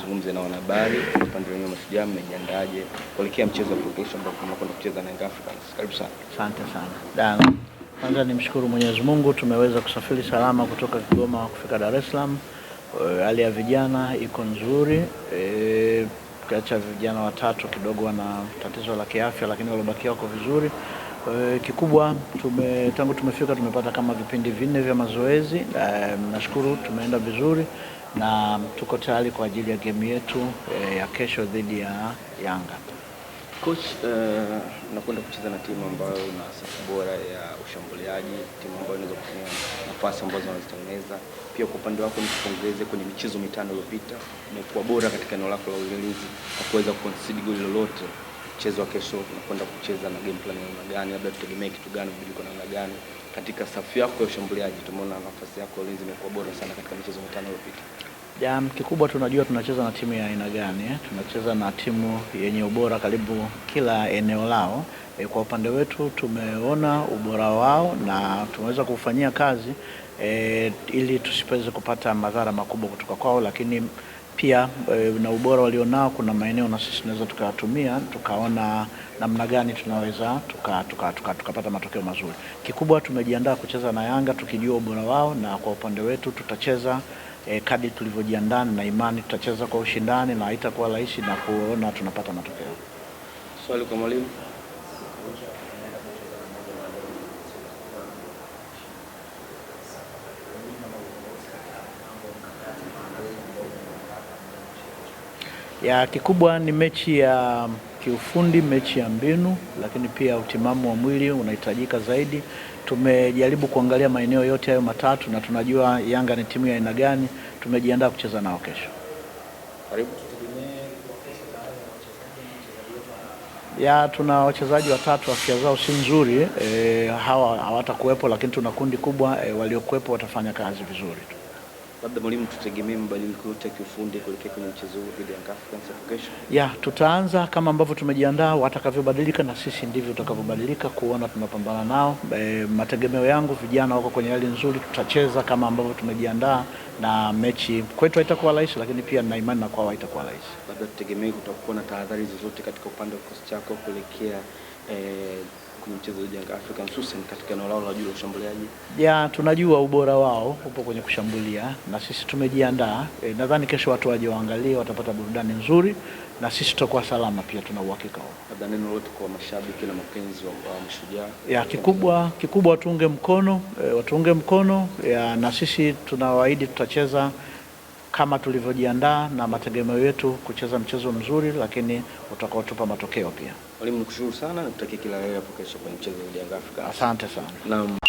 tuzungumze na wanahabari upande wenyewe Mashujaa, mmejiandaje kuelekea mchezo wa kesho ambao mnakwenda kucheza na Young Africans? Karibu sana. Asante sana Dano. Kwanza nimshukuru Mwenyezi Mungu tumeweza kusafiri salama kutoka Kigoma kufika Dar es Salaam. Eh, hali ya vijana iko nzuri e, eh, kiacha vijana watatu kidogo wana tatizo la kiafya, lakini waliobakia wako vizuri. E, kikubwa tume, tangu tumefika tumepata kama vipindi vinne vya mazoezi e, nashukuru tumeenda vizuri na tuko tayari kwa ajili ya gemu yetu e, ya kesho dhidi ya Yanga. Coach, uh, eh, nakwenda kucheza na timu ambayo ina safu bora ya ushambuliaji, timu ambayo inaweza kutumia nafasi ambazo wanazitengeneza. Pia kwa upande wako nikupongeze, kwenye michezo mitano iliyopita umekuwa bora katika eneo lako la ulinzi kwa kuweza kuconcede goli lolote mchezo wa kesho tunakwenda kucheza na game plan namna gani, labda tutegemee kitu gani, mabadiliko namna gani katika safu yako ya ushambuliaji. Tumeona nafasi yako ulinzi imekuwa bora sana katika michezo mitano iliyopita. Jam kikubwa tunajua tunacheza na timu ya aina gani eh? Tunacheza na timu yenye ubora karibu kila eneo lao eh. Kwa upande wetu tumeona ubora wao na tumeweza kufanyia kazi eh, ili tusipeze kupata madhara makubwa kutoka kwao, lakini pia e, na ubora walionao, kuna maeneo na sisi tunaweza tukayatumia tukaona namna gani tunaweza tukapata tuka, tuka, tuka matokeo mazuri. Kikubwa tumejiandaa kucheza na Yanga tukijua ubora wao, na kwa upande wetu tutacheza e, kadri tulivyojiandaa na imani, tutacheza kwa ushindani na haitakuwa rahisi na kuona tunapata matokeo. Swali kwa mwalimu. ya kikubwa ni mechi ya kiufundi, mechi ya mbinu, lakini pia utimamu wa mwili unahitajika zaidi. Tumejaribu kuangalia maeneo yote hayo matatu na tunajua Yanga ni timu ya aina gani. Tumejiandaa kucheza nao kesho. Ya, tuna wachezaji watatu afya zao si nzuri e, hawa hawatakuwepo, lakini tuna kundi kubwa e, waliokuwepo watafanya kazi vizuri tu. Labda mwalimu, tutegemee mabadiliko yote ya kiufundi kuelekea kwenye mchezo huu dhidi ya Africans hapo kesho? Ya, tutaanza kama ambavyo tumejiandaa, watakavyobadilika na sisi ndivyo tutakavyobadilika kuona tunapambana nao. E, mategemeo yangu vijana wako kwenye hali nzuri, tutacheza kama ambavyo tumejiandaa na mechi kwetu haitakuwa rahisi, lakini pia na imani na kwao haitakuwa rahisi. Labda tutegemee kutakuwa na tahadhari zozote katika upande wa kikosi chako kuelekea e, kwenye mchezo dhidi ya Afrika hususan katika eneo lao la juu la ushambuliaji? Ya, tunajua ubora wao upo kwenye kushambulia na sisi tumejiandaa. E, nadhani kesho watu waje waangalie, watapata burudani nzuri na sisi tutakuwa salama pia, tuna uhakika huo. Labda neno lolote kwa mashabiki na mapenzi wa Mashujaa? Ya, kikubwa kikubwa watuunge mkono e, watuunge mkono ya, na sisi tunawaahidi tutacheza kama tulivyojiandaa na mategemeo yetu kucheza mchezo mzuri, lakini utakaotupa matokeo pia. Mwalimu, nikushukuru sana na kutakia kila la heri hapo kesho kwenye mchezo wa Afrika. Asante sana. Naam.